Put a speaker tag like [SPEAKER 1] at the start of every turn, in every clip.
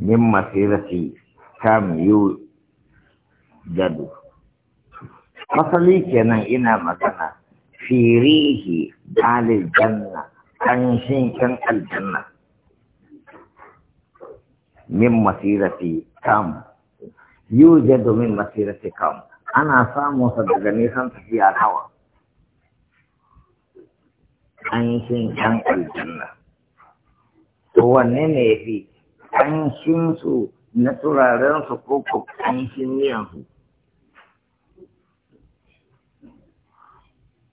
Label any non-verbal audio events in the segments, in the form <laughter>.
[SPEAKER 1] min masirati kam yu jadu asali kenan ina magana firihi alil janna kanshin kan aljanna min masirati kam yu jadu min masirati kam ana samun sa daga nisan tafiya hawa kanshin kan aljanna to wanne ne ya fi ƙanshinsu na turarensu ko ko ƙanshin miyansu.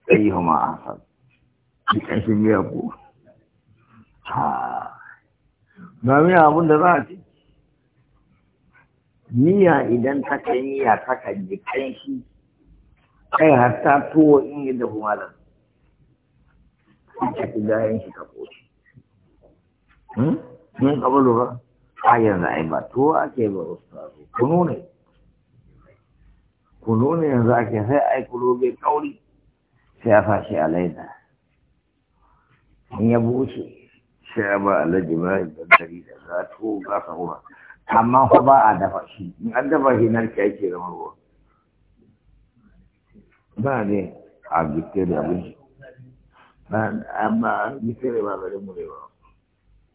[SPEAKER 1] Ayyuhu ma'asar, ƙanshin miya ko. Ba miya abin da za a ce, Miya idan ta kai miya ta kan ji ƙanshi, kai har ta tuwo in yi dahu malam. Ita ki gayan shi ta koshi. Hmm? Mun ƙaba lura. a yanzu ai ba tuwo ake ba ustazu kunu ne kunu ne yanzu ake sai ai kulo bai kauri sai a fashi a laida in ya bushe sai a ba alaji ba da dari da za tuwo ga sahura amma fa ba a dafa shi in an dafa shi nan narke ake zama ruwa ba ne a gitte da abin amma gitte da ba bare murewa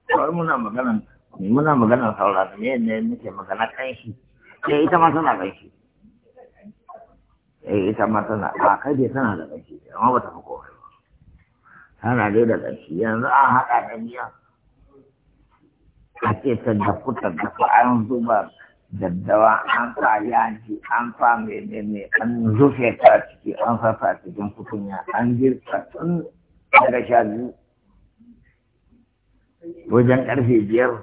[SPEAKER 1] kawai muna magana ne muna magana saurara ne ne muke magana kan shi sai eh, ita ma tana kan shi eh ita ma tana a kai dai tana da kan shi amma ba ta fi komai ba tana dai da kan shi yanzu an haɗa da miya a ce ta dafu ta dafu an zuba daddawa an sa yaji an sa menene an zufe ta ciki an sa ta cikin kutunya an girka tun daga sha biyu wajen karfe biyar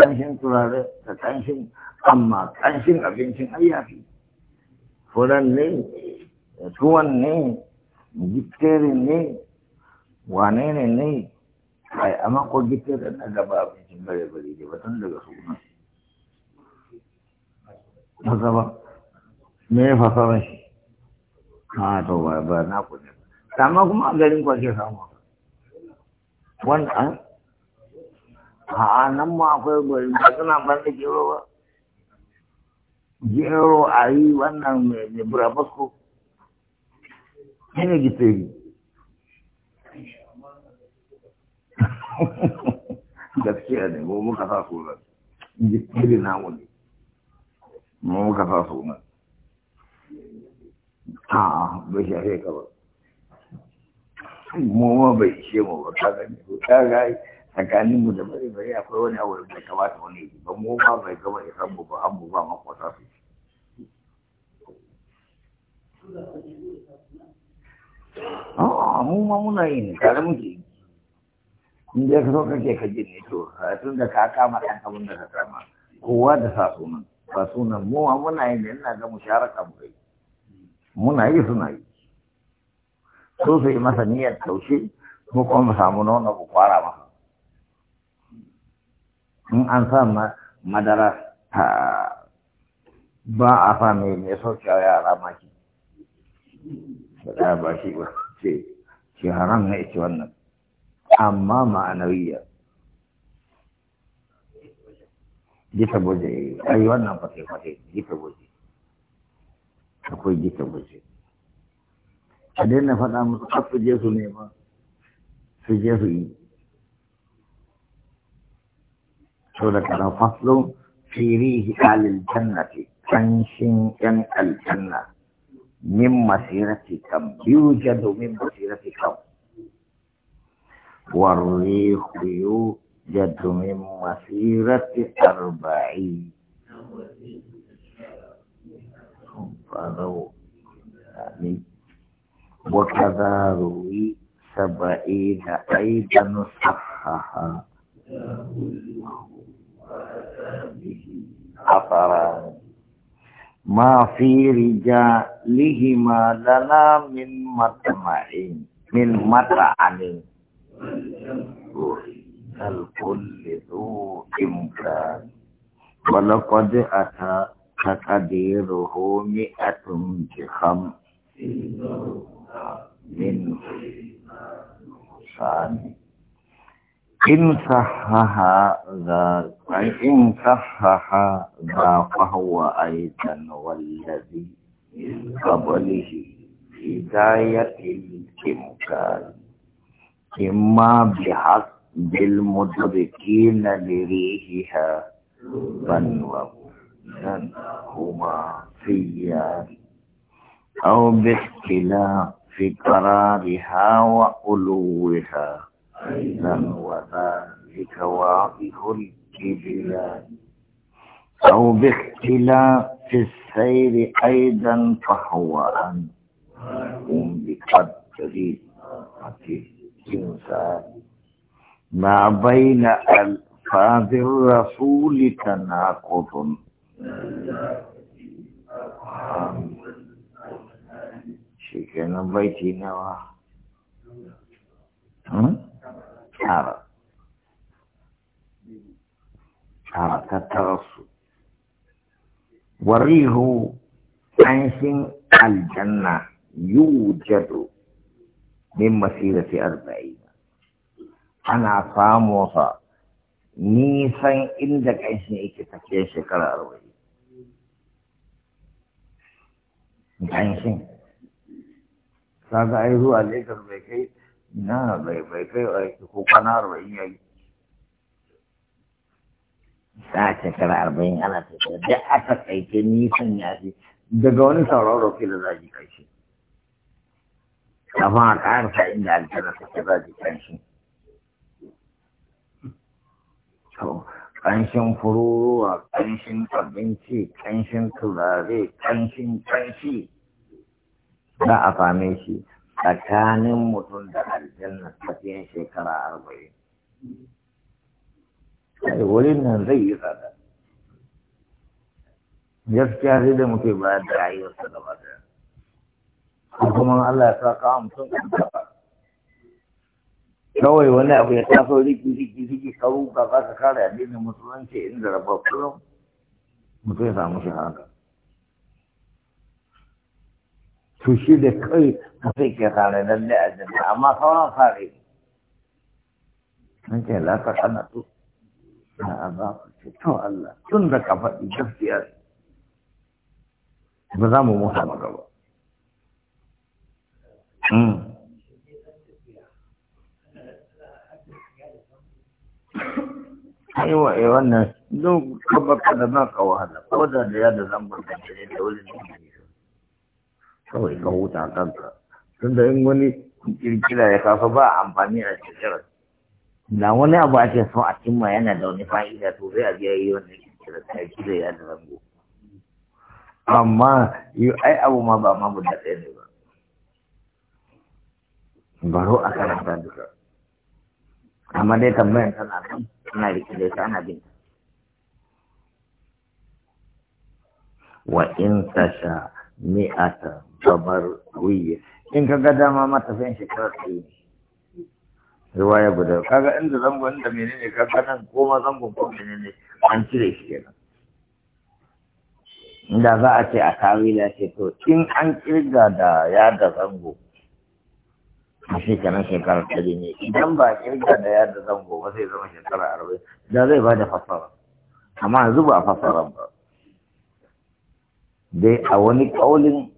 [SPEAKER 1] kanshin turare da kanshin amma kanshin abincin ayyafi furan ne tuwon ne gitterin ne ne na gaba abincin daga me shi kuma a garin kwashe Aa nan ma akwai gwarin da suna ban da gero ba gero a yi wannan mai burabasko shi ne giteri <laughs> gaskiya ne mu muka sa sunan giteri namu ne mu muka sa sunan a bai shafe ka ba mu ma bai ishe mu ba ka gani ka gani tsakanin mu da bari bari akwai wani abu da kamata wani yi ba mu ba bai gama ya san mu ba an mu ba makwasa su a'a ah, mu ma muna yin tare muke yi in dai ka so kake ka jin ne to tun da ka kama kan abin da ka kama kowa da sa sunan ba sunan mu ma muna yin ne ina ga ka mu kai muna yi suna yi so sai masa niyyar taushe mu kuma mu samu nono ku kwara masa in an sa madara ta ba a sa mai mai sauke a yara maki ba ba shi ba ce shi haram na ita wannan amma ma'anawiya gita buje yi wannan fate-fate gita buje akwai gita buje a daina faɗa musu kafin je su nema su je su yi سورة فصل في ريه أهل الجنة تنشن أن الجنة من مسيرتكم يوجد من مسيرتكم والريح يوجد من مسيرة أربعين وكذا روي سبعين أيضا صحها Hafaran. Ma fi rija lihima dana min mata ma'in. Min mata anin. Al-kun lidu imka. Walakad ata kakadiruhu mi'atum jikham. Min fi إن صحها ذا إن صحها ذا فهو أيضا والذي قبله هداية الإمكان إما بحق بالمدركين لريحها فنوبا هما فيان أو باختلاف قرارها وألوها نعم وذلك واقف الكبرياء أو باختلاف السير أيضا فهو أن يقوم بقدر الإنسان ما بين ألفاظ الرسول تناقض شيء بيتي نواه tara tara tattararsu warihu ƙanshin aljanna yujadu min masirati arba'in ana samu sa nisan inda ƙanshin yake tafiye shekara arba'in ƙanshin kaga ai zuwa Legas bai kai na bai bai kai aiki ko kwana arba'in ya yi ta shekara arba'in ana tafiya da a takaice nisan ya fi daga wani sauraro ke da za a kai shi kafin a karsa inda aljanna take zaji kan shi ƙanshin fururuwa ƙanshin abinci ƙanshin turare ƙanshin ƙanshi za a same shi tsakanin mutum da aljanna tafiyan shekara arba'in kai wurin nan zai yi tsada gaskiya sai da muke bayar da rayuwarsa gaba daya kuma Allah ya sa kawo mutum gaba kawai wani abu ya taso riki riki riki karu ka za ka kare addinin musulunci inda rabar kullum mutum ya samu shahada to shi da kai mutum ke sare lalle a jinta amma sauran sare an ce lafa kana to na azafa ce to Allah tun da ka faɗi gaskiya ba za mu mutu maka ba hmm. aiwa eh, wannan don ko da da ya da da da kawai ka huta kanka tun da in wani kirkira ya kafa ba amfani a kirkirar da wani abu a ce son a cimma yana da wani fa'ida to sai a biya yi wannan kirkirar ta yi ya da zango amma ai abu ma ba ma guda ɗaya ne ba baro a karanta duka amma dai tambayan tana nan tana rike da ita ana bin wa in tasha mi'ata babar wiya in ka ga dama matafiyan shekara ɗaya yi riwaya guda kaga inda zango inda menene ka nan ko ma zango ko menene an cire shi kenan inda za a ce a kawila ce to in an kirga da ya da zango a shekarar shekara ta ne idan ba kirga da ya da zango ba sai zama shekara arba'in da zai ba da fasara amma zuba ba a fasara ba dai a wani ƙaulin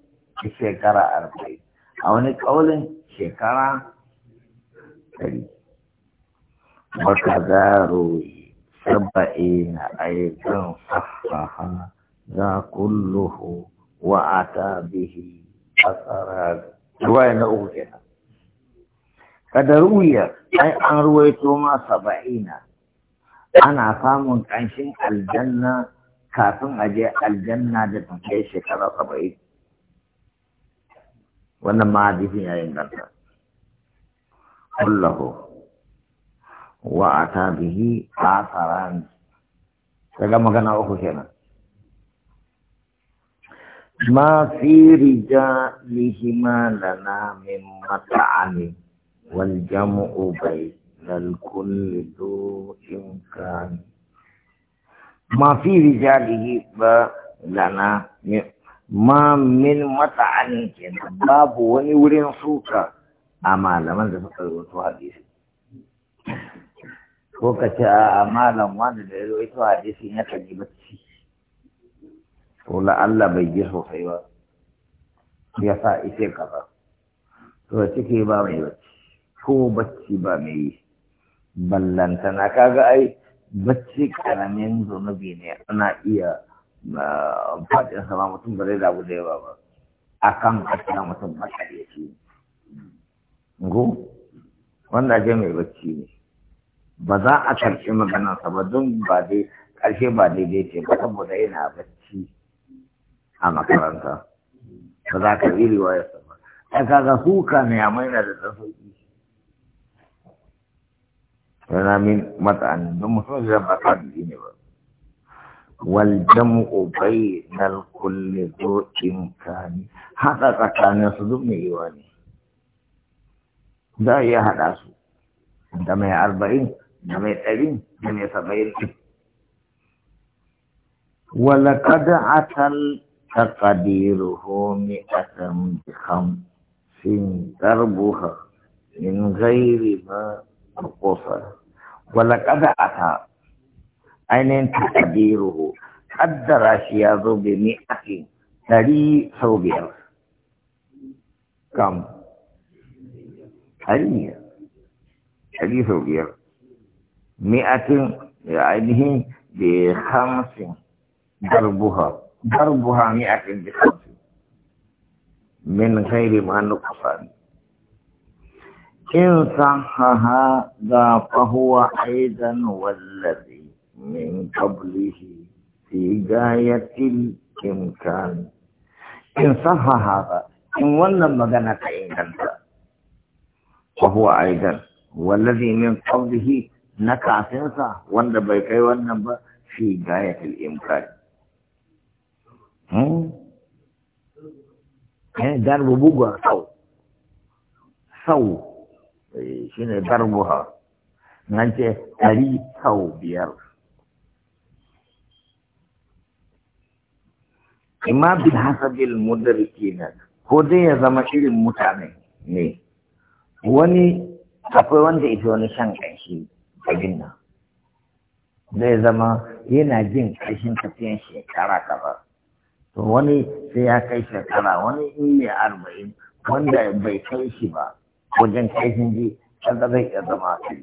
[SPEAKER 1] shekara arba'in a wani ƙaulin shekara ɗari baka zaro saba'i na aikin safaha za kulluhu wa ta bihi asara ruwaya na uku kenan kada ruwiyar ai an ruwaito ma saba'ina ana samun ƙanshin aljanna kafin a je aljanna da take shekara saba'in wannan ma hadisin ya inganta Allahu wa ata bihi asaran daga magana uku kenan ما في رجالهما لنا من مطعم والجمع بين الكل ذو إمكان Ma ما في رجاله لنا ma min mata'anin kenan babu wani wurin suka a malaman da suka rubuta hadisi ko ka ce a malam wanda da ya rubuta hadisi ya ka yi bacci ko la Allah bai ji sosai ba ya sa ice kaza to cike ba mai bacci ko bacci ba mai yi ballantana kaga ai bacci karamin zunubi ne ana iya faɗin sama mutum ba zai zabu da yawa ba a kan kasa mutum makaryaci go wanda ake mai bacci ne ba za a karshe maganarsa ba don ba dai karshe ba daidai ce ba saboda yana bacci a makaranta ba za ka yi riwayarsa ba a kaga suka ne a maina da ɗan sauƙi فانا من متان دم حزم اقل والجمع بين الكل ذو امكان هذا كان يصدم ايواني ذا يا هداس دم 40 دم 30 دم 70 ولقد عتى تقديره مئة بخمسين دربها من غير ما kosa wala kada ata ainihin takadiruhu kaddara shi ya zo bi mi'ati ɗari sau biyar kam sau biyar mi'atin ainihin hamsin darbuha darbuha mi'atin hamsin min in san haha da fahuwa aidan wallazi min kablihi fi gayatin kimkan in san haha ba in wannan magana ta inganta fahuwa aidan wallazi min kablihi na kafinsa wanda bai kai wannan ba fi gayatin imkan Eh, dar bubu gua Eh, shi ne darbuha nan ce ɗari sau biyar imma bin hasabil mudariki na ko dai ya zama irin mutane ne wani akwai wanda ita wani shan ƙanshi abin nan zai zama yana jin ƙarshen tafiyan shekara kaza to wani sai ya kai shekara wani in mai arba'in wanda bai kai shi ba wajen kai ji wanda zai iya zama kai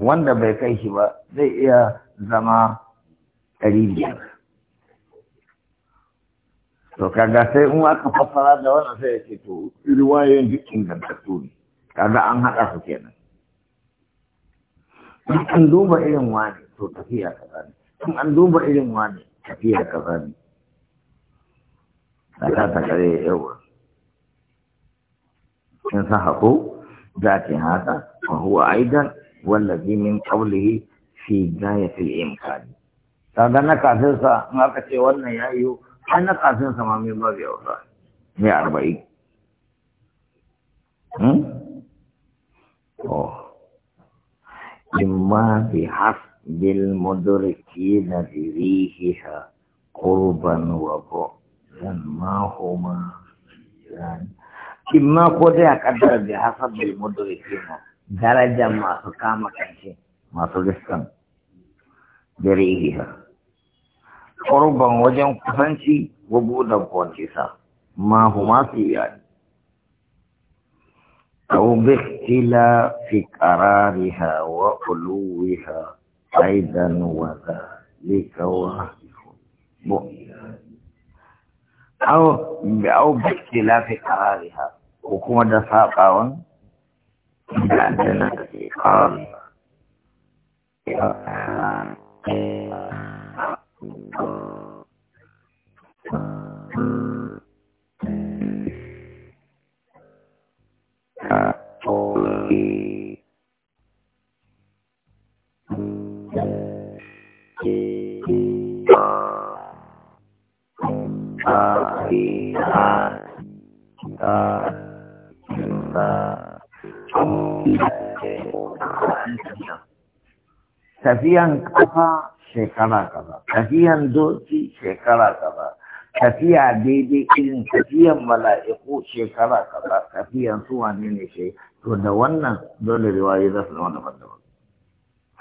[SPEAKER 1] wanda bai kai shi ba zai iya zama ɗari biyar to kaga sai in aka fassara da wannan sai ya ce to riwayoyin duk ingantattu ne kaga an haɗa su kenan in an duba irin wani to tafiya kaza ne in an duba irin wani tafiya kaza ne ta ta kare yawa انسحقوا ذات هذا وهو أيضا والذي من قوله في غاية الإمكان هذا نكاثر سا ما كتيرنا يا أيو أنا كاثر ما من باب يوصل يا أربعين هم أوه إما بحسب المدركين بريحها قربا وبعدا ما هما كما كودي أكدر جهاز بالمدو يكينا درجة ما سكامة كنشي ما سجستم بريئيها قربا وجم كفنشي وبودا كونشي سا ما هما سيئان أو باختلا في قرارها وقلوها أيضا وذلك واحد بؤيا أو أو باختلاف قرارها ko kuma da saƙawan da aljanna ta ke ƙawar uh, ba tafiyan kafa shekara kaza tafiyan doki shekara kaza tafiya daidai irin tafiyan mala'iku shekara kaza tafiyan su wane ne shi to da wannan dole riwaye za su zama daban-daban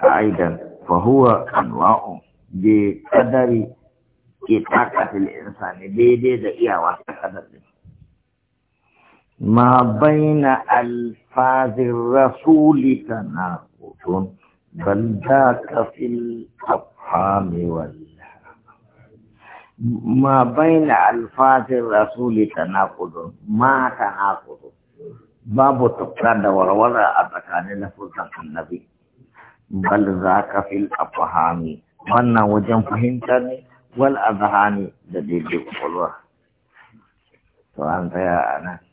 [SPEAKER 1] aidan fa huwa anwa'u bi qadari itaqatil insani daidai da iyawa ta kadar din ما بين ألفاظ الرسول تناقض بل ذاك في الأفهام وال ما بين ألفاظ الرسول تناقض ما تناقض باب تقرد ورورة أتكان لفظة النبي بل ذاك في الأفهام وانا وجن فهمتني والأذهان دليل قلوة فأنت يا أنس